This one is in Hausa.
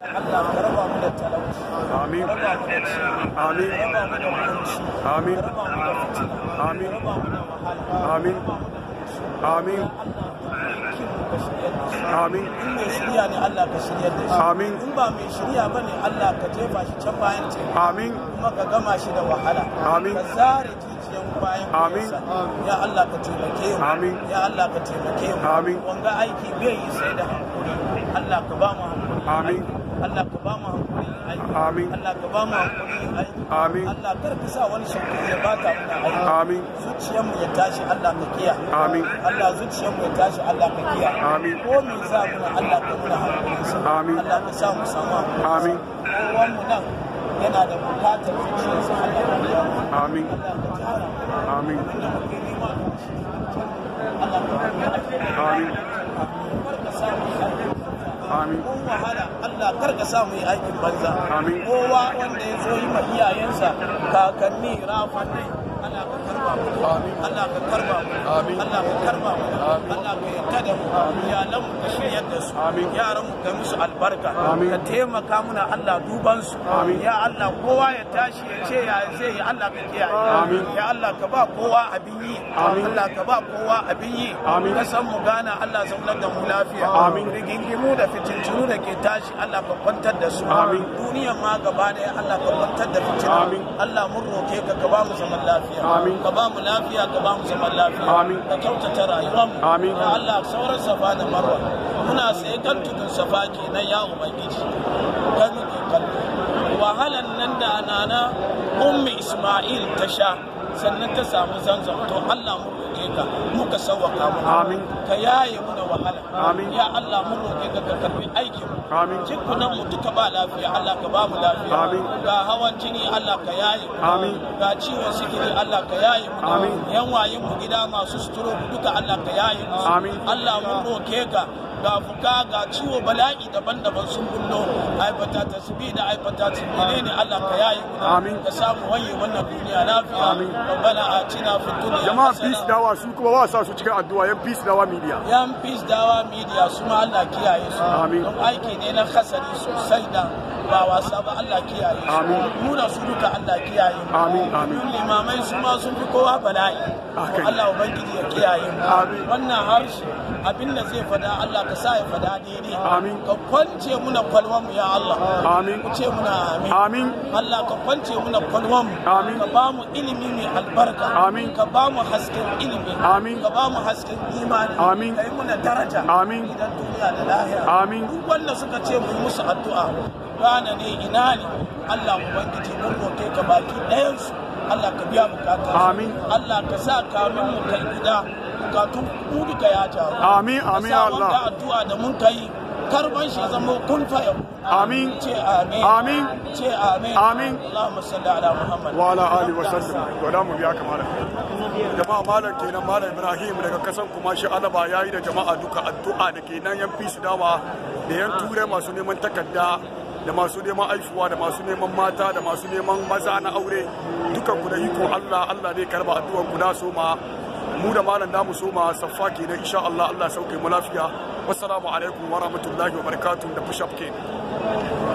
Allah ka raba mu da talauci. Amin. Amin. Amin. Amin. Amin. Amin. Amin. In mai shirya ne Allah ka shiryar da shi. Amin. In ba mai shirya ba ne Allah ka jefa shi Amin. gama shi da wahala. Amin. Ka zare jijiyan Amin. Amin. Amin. aiki bai yi sai da hankuri. Allah ka amin Allah ka ba mu hankuri aiki amin Allah ka ba mu hankuri aiki amin Allah kar ka sa wani shauki ya baka muna aiki amin zuciyar mu ya tashi Allah ka kiya amin Allah zuciyar mu ya tashi Allah ka kiya amin ko me za mu Allah ka muna hankuri amin Allah ka sa mu samu amin kowan mu nan yana da bukatar zuciyarsa Allah ka biya amin Allah ka tara amin Kun wahala Allah kar ka samu yi aikin banza kowa wanda ya zo yi ma iyayensa kakanni ne. Allah ka karba mu Allah ka karba mu Allah ka karba mu Allah ka yarda da mu iyalan mu ka shiryar da su yaran mu ka musu albarka ka taimaka muna Allah duban su ya Allah kowa ya tashi ya ce ya zai yi Allah ka kiyaye ya Allah ka ba kowa abin yi Allah ka ba kowa abin yi ka san mu gana Allah zaunar da mu lafiya rigingimu da fitintunu da ke tashi Allah ka kwantar da su duniyan ma gaba daya Allah ka kwantar da fitintunu Allah mun roke ka ka ba mu zaman lafiya amin ka ba mu lafiya ka ba mu zaman lafiya amin ka kyautata rayuwar mu amin ya Allah sauran safa da marwa muna sai kan tudun safa kenan ya ubangiji ka muke kallo wahalan nan da anana ummi isma'il ta sha sannan ta samu zanzam to Allah mu roƙe ka muka sawwaka mu amin ka yaye mu da wahala amin ya Allah mu roƙe ka ka karbi amin jikunan mu duka ba lafiya Allah ka ba mu lafiya amin ga hawan jini Allah ka yaye amin ga ciwon sikiri Allah ka yaye mu amin yan wayin mu gida masu suturo duka Allah ka yaye mu amin Allah mun roke ka ga fuka ga ciwo bala'i daban-daban sun bullo aibata ta su bi da aibata ta menene Allah ka yayi amin ka samu wanye wannan duniya lafiya amin rabbana atina dunya jama'a peace dawa su kuma su addu'a yan peace dawa media yan peace dawa media su ma Allah kiyaye su amin aiki ne na khasari sosai da ba wasa ba Allah kiyaye su amin nuna su duka Allah kiyaye amin amin limamai su ma sun fi kowa bala'i Allah ubangiji ya kiyaye mu wannan harshe abin da zai fada Allah ka sa ya fada daidai amin ka kwance muna kwalwan mu ya Allah amin ku ce muna amin amin Allah ka kwance muna kwalwan mu amin ka ba mu ilimi mai albarka amin ka ba mu hasken ilimi amin ka ba mu hasken imani amin kai muna daraja amin idan duniya da lahira amin duk wanda suka ce mu musu addu'a gane ne ina ne Allah ubangiji mun roke ka baki ɗayan su Allah ka biya bukata amin Allah ka sa kamin mu kai gida bukatu mu duka ya taru amin amin Allah da addu'a da mun kai karban shi zama kun faya amin ce amin amin ce amin amin Allahumma salli ala Muhammad wa ala alihi wa sallam to da mu biya kamar jama'a malam kenan malam Ibrahim daga kasan kuma shi Alaba yayi da jama'a duka addu'a da kenan yan fi su dawa da yan turai masu neman takarda da masu neman aishuwa da masu neman mata da masu neman maza na aure dukan ku da iko Allah Allah zai karba addu'an ku da su ma mu da malam da so ma saffa kenan insha Allah Allah sauke mu lafiya wassalamu alaikum wa rahmatullahi wa barakatuh da push up